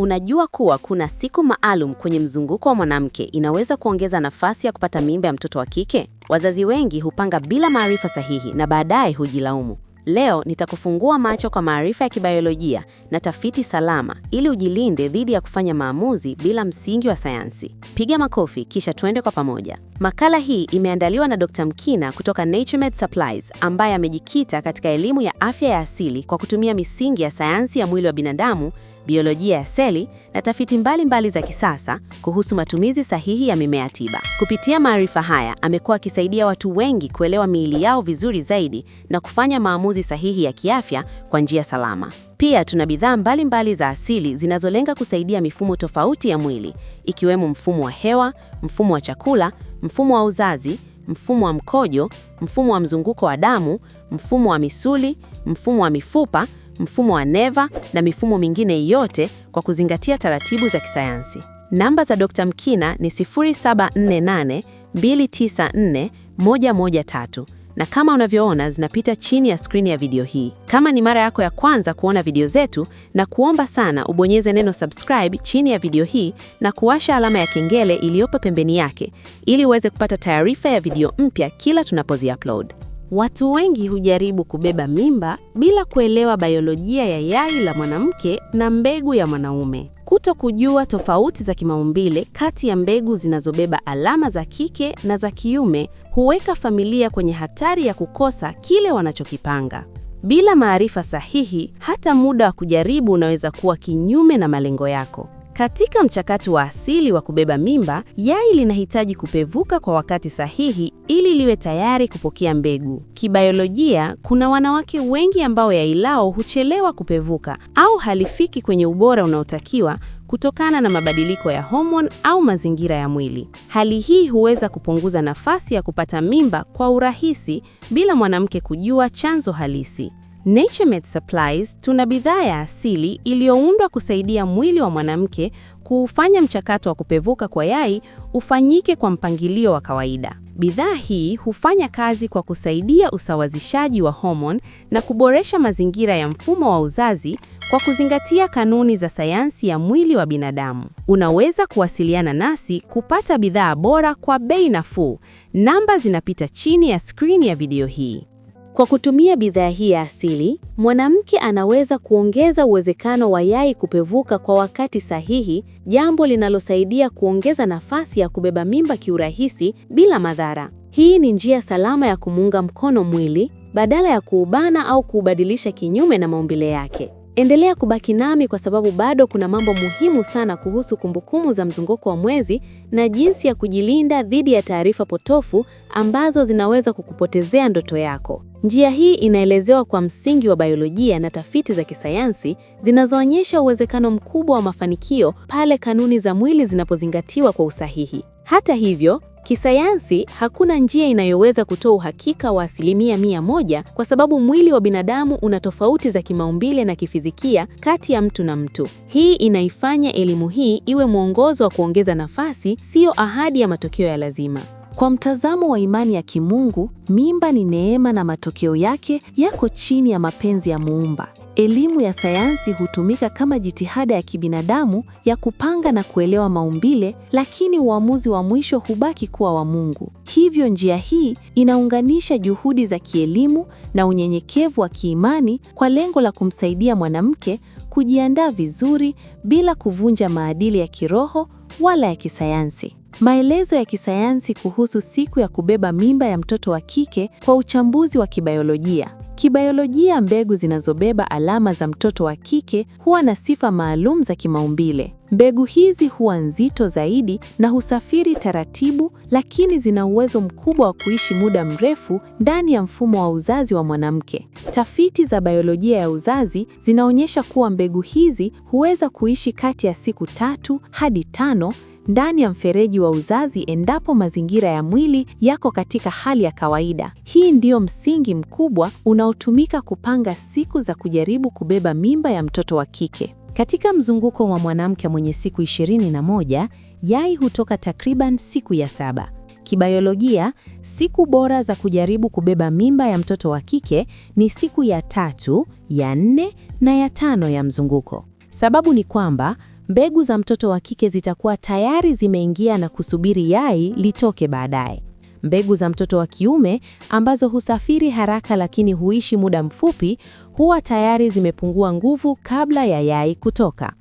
Unajua kuwa kuna siku maalum kwenye mzunguko wa mwanamke inaweza kuongeza nafasi ya kupata mimba ya mtoto wa kike? Wazazi wengi hupanga bila maarifa sahihi na baadaye hujilaumu. Leo nitakufungua macho kwa maarifa ya kibayolojia na tafiti salama ili ujilinde dhidi ya kufanya maamuzi bila msingi wa sayansi. Piga makofi kisha twende kwa pamoja. Makala hii imeandaliwa na Dr. Mkina kutoka Naturemed Supplies ambaye amejikita katika elimu ya afya ya asili kwa kutumia misingi ya sayansi ya mwili wa binadamu biolojia ya seli na tafiti mbalimbali mbali za kisasa kuhusu matumizi sahihi ya mimea tiba. Kupitia maarifa haya, amekuwa akisaidia watu wengi kuelewa miili yao vizuri zaidi na kufanya maamuzi sahihi ya kiafya kwa njia salama. Pia tuna bidhaa mbalimbali za asili zinazolenga kusaidia mifumo tofauti ya mwili ikiwemo mfumo wa hewa, mfumo wa chakula, mfumo wa uzazi, mfumo wa mkojo, mfumo wa mzunguko wa damu, mfumo wa misuli, mfumo wa mifupa mfumo wa neva na mifumo mingine yote kwa kuzingatia taratibu za kisayansi. Namba za Dr. Mkina ni 0748294113 na kama unavyoona zinapita chini ya skrini ya video hii. Kama ni mara yako ya kwanza kuona video zetu, na kuomba sana ubonyeze neno subscribe chini ya video hii na kuwasha alama ya kengele iliyopo pembeni yake ili uweze kupata taarifa ya video mpya kila tunapozi upload. Watu wengi hujaribu kubeba mimba bila kuelewa biolojia ya yai la mwanamke na mbegu ya mwanaume. Kuto kujua tofauti za kimaumbile kati ya mbegu zinazobeba alama za kike na za kiume huweka familia kwenye hatari ya kukosa kile wanachokipanga. Bila maarifa sahihi, hata muda wa kujaribu unaweza kuwa kinyume na malengo yako. Katika mchakato wa asili wa kubeba mimba, yai linahitaji kupevuka kwa wakati sahihi ili liwe tayari kupokea mbegu. Kibayolojia, kuna wanawake wengi ambao yai lao huchelewa kupevuka au halifiki kwenye ubora unaotakiwa kutokana na mabadiliko ya homoni au mazingira ya mwili. Hali hii huweza kupunguza nafasi ya kupata mimba kwa urahisi bila mwanamke kujua chanzo halisi. Naturemed Supplies tuna bidhaa ya asili iliyoundwa kusaidia mwili wa mwanamke kuufanya mchakato wa kupevuka kwa yai ufanyike kwa mpangilio wa kawaida. Bidhaa hii hufanya kazi kwa kusaidia usawazishaji wa homoni na kuboresha mazingira ya mfumo wa uzazi kwa kuzingatia kanuni za sayansi ya mwili wa binadamu. Unaweza kuwasiliana nasi kupata bidhaa bora kwa bei nafuu. Namba zinapita chini ya skrini ya video hii. Kwa kutumia bidhaa hii ya asili, mwanamke anaweza kuongeza uwezekano wa yai kupevuka kwa wakati sahihi, jambo linalosaidia kuongeza nafasi ya kubeba mimba kiurahisi bila madhara. Hii ni njia salama ya kumuunga mkono mwili badala ya kuubana au kuubadilisha kinyume na maumbile yake. Endelea kubaki nami kwa sababu bado kuna mambo muhimu sana kuhusu kumbukumbu za mzunguko wa mwezi na jinsi ya kujilinda dhidi ya taarifa potofu ambazo zinaweza kukupotezea ndoto yako. Njia hii inaelezewa kwa msingi wa biolojia na tafiti za kisayansi zinazoonyesha uwezekano mkubwa wa mafanikio pale kanuni za mwili zinapozingatiwa kwa usahihi. Hata hivyo, kisayansi hakuna njia inayoweza kutoa uhakika wa asilimia mia moja kwa sababu mwili wa binadamu una tofauti za kimaumbile na kifizikia kati ya mtu na mtu. Hii inaifanya elimu hii iwe mwongozo wa kuongeza nafasi, siyo ahadi ya matokeo ya lazima. Kwa mtazamo wa imani ya Kimungu, mimba ni neema na matokeo yake yako chini ya mapenzi ya Muumba. Elimu ya sayansi hutumika kama jitihada ya kibinadamu ya kupanga na kuelewa maumbile, lakini uamuzi wa mwisho hubaki kuwa wa Mungu. Hivyo njia hii inaunganisha juhudi za kielimu na unyenyekevu wa kiimani kwa lengo la kumsaidia mwanamke kujiandaa vizuri bila kuvunja maadili ya kiroho wala ya kisayansi. Maelezo ya kisayansi kuhusu siku ya kubeba mimba ya mtoto wa kike kwa uchambuzi wa kibayolojia. Kibayolojia, mbegu zinazobeba alama za mtoto wa kike huwa na sifa maalum za kimaumbile. Mbegu hizi huwa nzito zaidi na husafiri taratibu, lakini zina uwezo mkubwa wa kuishi muda mrefu ndani ya mfumo wa uzazi wa mwanamke. Tafiti za biolojia ya uzazi zinaonyesha kuwa mbegu hizi huweza kuishi kati ya siku tatu hadi tano ndani ya mfereji wa uzazi endapo mazingira ya mwili yako katika hali ya kawaida. Hii ndiyo msingi mkubwa unaotumika kupanga siku za kujaribu kubeba mimba ya mtoto wa kike. Katika mzunguko wa mwanamke mwenye siku 21, yai hutoka takriban siku ya saba. Kibayolojia, siku bora za kujaribu kubeba mimba ya mtoto wa kike ni siku ya tatu, ya nne na ya tano ya mzunguko. Sababu ni kwamba mbegu za mtoto wa kike zitakuwa tayari zimeingia na kusubiri yai litoke baadaye. Mbegu za mtoto wa kiume ambazo husafiri haraka lakini huishi muda mfupi huwa tayari zimepungua nguvu kabla ya yai kutoka.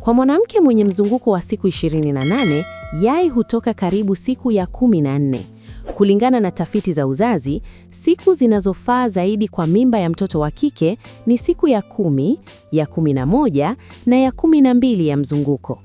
Kwa mwanamke mwenye mzunguko wa siku 28, yai hutoka karibu siku ya 14. Kulingana na tafiti za uzazi, siku zinazofaa zaidi kwa mimba ya mtoto wa kike ni siku ya kumi, ya kumi na moja na ya kumi na mbili ya mzunguko.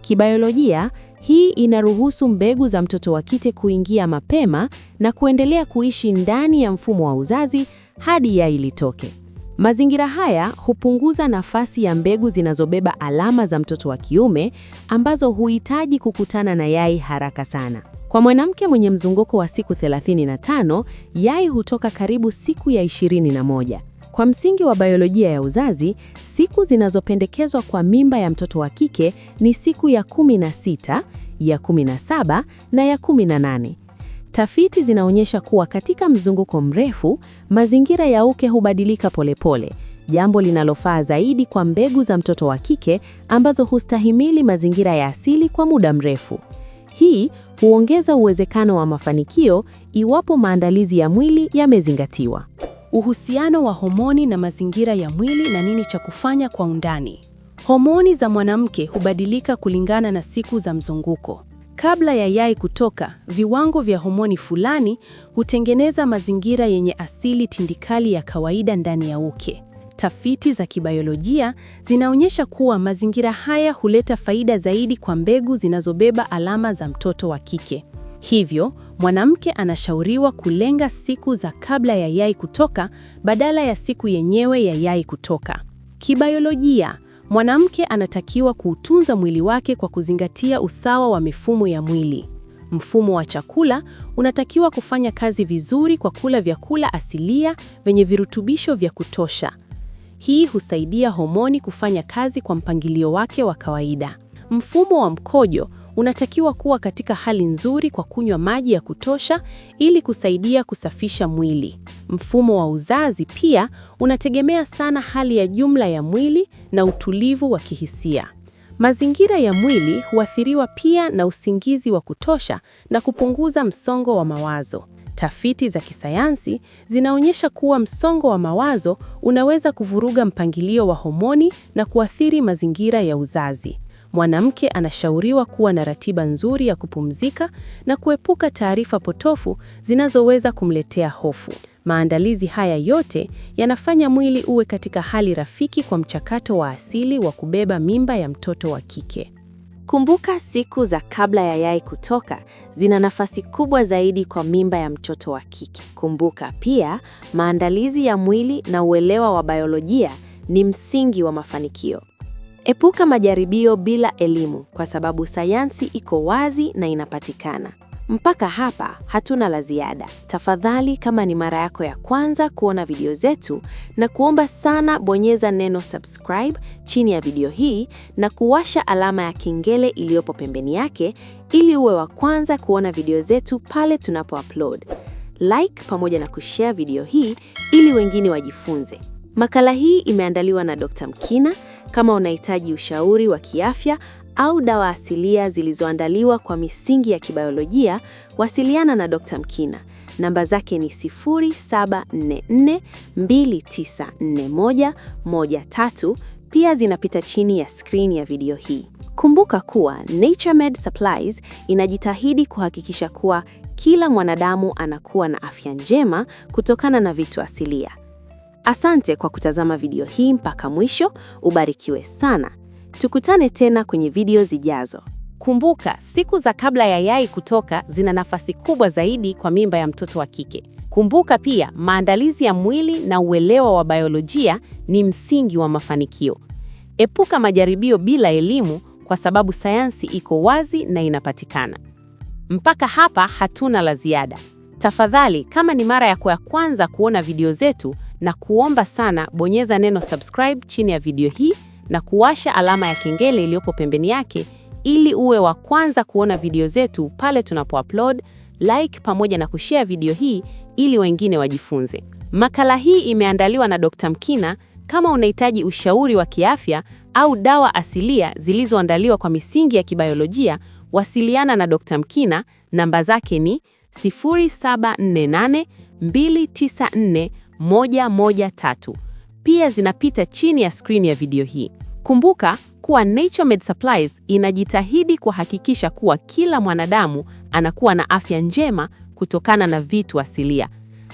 Kibayolojia, hii inaruhusu mbegu za mtoto wa kike kuingia mapema na kuendelea kuishi ndani ya mfumo wa uzazi hadi yai litoke. Mazingira haya hupunguza nafasi ya mbegu zinazobeba alama za mtoto wa kiume ambazo huhitaji kukutana na yai haraka sana. Kwa mwanamke mwenye mzunguko wa siku 35, yai hutoka karibu siku ya 21. Kwa msingi wa biolojia ya uzazi, siku zinazopendekezwa kwa mimba ya mtoto wa kike ni siku ya 16, ya 17 na ya 18. Tafiti zinaonyesha kuwa katika mzunguko mrefu, mazingira ya uke hubadilika polepole, jambo linalofaa zaidi kwa mbegu za mtoto wa kike ambazo hustahimili mazingira ya asili kwa muda mrefu. Hii huongeza uwezekano wa mafanikio iwapo maandalizi ya mwili yamezingatiwa. Uhusiano wa homoni na mazingira ya mwili na nini cha kufanya kwa undani. Homoni za mwanamke hubadilika kulingana na siku za mzunguko. Kabla ya yai kutoka, viwango vya homoni fulani hutengeneza mazingira yenye asili tindikali ya kawaida ndani ya uke. Tafiti za kibayolojia zinaonyesha kuwa mazingira haya huleta faida zaidi kwa mbegu zinazobeba alama za mtoto wa kike. Hivyo, mwanamke anashauriwa kulenga siku za kabla ya yai kutoka badala ya siku yenyewe ya yai kutoka. Kibayolojia, mwanamke anatakiwa kuutunza mwili wake kwa kuzingatia usawa wa mifumo ya mwili. Mfumo wa chakula unatakiwa kufanya kazi vizuri kwa kula vyakula asilia vyenye virutubisho vya kutosha. Hii husaidia homoni kufanya kazi kwa mpangilio wake wa kawaida. Mfumo wa mkojo unatakiwa kuwa katika hali nzuri kwa kunywa maji ya kutosha ili kusaidia kusafisha mwili. Mfumo wa uzazi pia unategemea sana hali ya jumla ya mwili na utulivu wa kihisia. Mazingira ya mwili huathiriwa pia na usingizi wa kutosha na kupunguza msongo wa mawazo. Tafiti za kisayansi zinaonyesha kuwa msongo wa mawazo unaweza kuvuruga mpangilio wa homoni na kuathiri mazingira ya uzazi. Mwanamke anashauriwa kuwa na ratiba nzuri ya kupumzika na kuepuka taarifa potofu zinazoweza kumletea hofu. Maandalizi haya yote yanafanya mwili uwe katika hali rafiki kwa mchakato wa asili wa kubeba mimba ya mtoto wa kike. Kumbuka, siku za kabla ya yai kutoka zina nafasi kubwa zaidi kwa mimba ya mtoto wa kike. Kumbuka pia, maandalizi ya mwili na uelewa wa biolojia ni msingi wa mafanikio. Epuka majaribio bila elimu, kwa sababu sayansi iko wazi na inapatikana. Mpaka hapa hatuna la ziada. Tafadhali, kama ni mara yako ya kwanza kuona video zetu, na kuomba sana bonyeza neno subscribe chini ya video hii na kuwasha alama ya kengele iliyopo pembeni yake ili uwe wa kwanza kuona video zetu pale tunapo upload. Like pamoja na kushare video hii ili wengine wajifunze. Makala hii imeandaliwa na Dr. Mkina. Kama unahitaji ushauri wa kiafya au dawa asilia zilizoandaliwa kwa misingi ya kibiolojia, wasiliana na Dr. Mkina. Namba zake ni 0744294113, pia zinapita chini ya skrini ya video hii. Kumbuka kuwa Naturemed Supplies inajitahidi kuhakikisha kuwa kila mwanadamu anakuwa na afya njema kutokana na vitu asilia. Asante kwa kutazama video hii mpaka mwisho. Ubarikiwe sana. Tukutane tena kwenye video zijazo. Kumbuka, siku za kabla ya yai kutoka zina nafasi kubwa zaidi kwa mimba ya mtoto wa kike. Kumbuka pia, maandalizi ya mwili na uelewa wa biolojia ni msingi wa mafanikio. Epuka majaribio bila elimu, kwa sababu sayansi iko wazi na inapatikana. Mpaka hapa hatuna la ziada. Tafadhali, kama ni mara yako ya kwanza kuona video zetu, na kuomba sana bonyeza neno subscribe chini ya video hii na kuwasha alama ya kengele iliyopo pembeni yake ili uwe wa kwanza kuona video zetu pale tunapoupload, like pamoja na kushare video hii ili wengine wajifunze. Makala hii imeandaliwa na Dr. Mkina. Kama unahitaji ushauri wa kiafya au dawa asilia zilizoandaliwa kwa misingi ya kibayolojia, wasiliana na Dr. Mkina. Namba zake ni 0748294113 pia zinapita chini ya skrini ya video hii. Kumbuka kuwa Naturemed Supplies inajitahidi kuhakikisha kuwa kila mwanadamu anakuwa na afya njema kutokana na vitu asilia.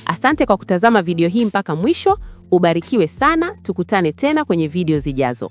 Asante kwa kutazama video hii mpaka mwisho. Ubarikiwe sana, tukutane tena kwenye video zijazo.